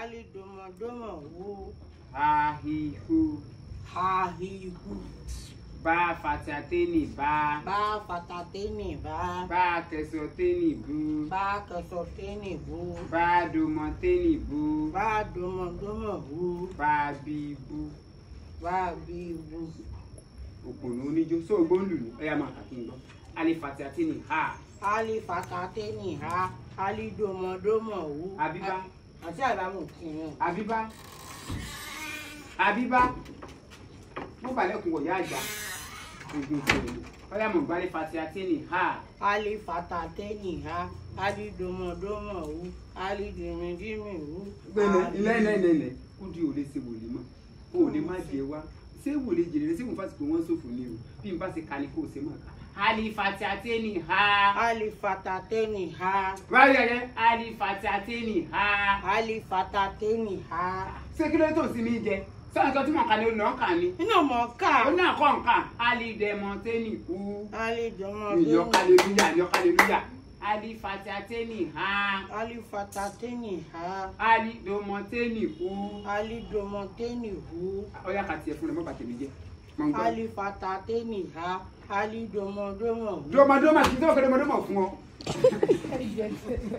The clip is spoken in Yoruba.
alidomodomo wo. ahihu. ahihu. bá a fata tẹ́nì bá. bá a fata tẹ́nì bá. bá a kẹsọ tẹ́nì bú. bá a kẹsọ tẹ́nì bú. bá a domọ tẹ́nì bú. bá a domodomo wo. bá a bí bú. bá a bí bú. òpònú oníjó sóògbó ń lùlù ẹ̀yà máa kà n gbọ́ alifati àti Ah hali fatate ni ha hali domodomo wu. àbíbá. àti àbámu kìíní. Abiba, àbíbá. mo balẹ̀ kún wọ̀nyá àjà. ọ̀yà mo balẹ̀ fatate ni ha. hali fatate ni ha hali domodomo wu hali dìmídìmí wu. gbẹ̀nà lẹ́lẹ́lẹ́lẹ́ kúndì ò lè ṣe wòlé mọ́ o ò lè má jẹ wá ṣé wòlé jèrè Se mo fásitì wọn ṣòfò ni o bí n bá ṣe ka ni kò ṣe máa kà alifati ateni ha. alifata ateni ha. ráyẹyẹ alifati ateni ha. alifata ateni ha. ṣé kí ló tó sí mi jẹ sọ́nà kan tí mò ń kà ní olùnà kà ni. iná mọ̀ ń kà. ó náà kọ́ ń kà alidẹ̀mọ̀tẹ́nì kú. alidẹ̀mọ̀tẹ́nì. ìyọkàlélúyà ìyọkàlélúyà alifatateni ha. alifatateni ha. alidomoteni hu. alidomoteni hu. ọ̀yá kàtiẹ̀ fún mi mọ́ bàtẹ́ mi jẹ́. Ali ni, ha Ali domo domo. Domo domo, ìjọba kan domo domo ọ.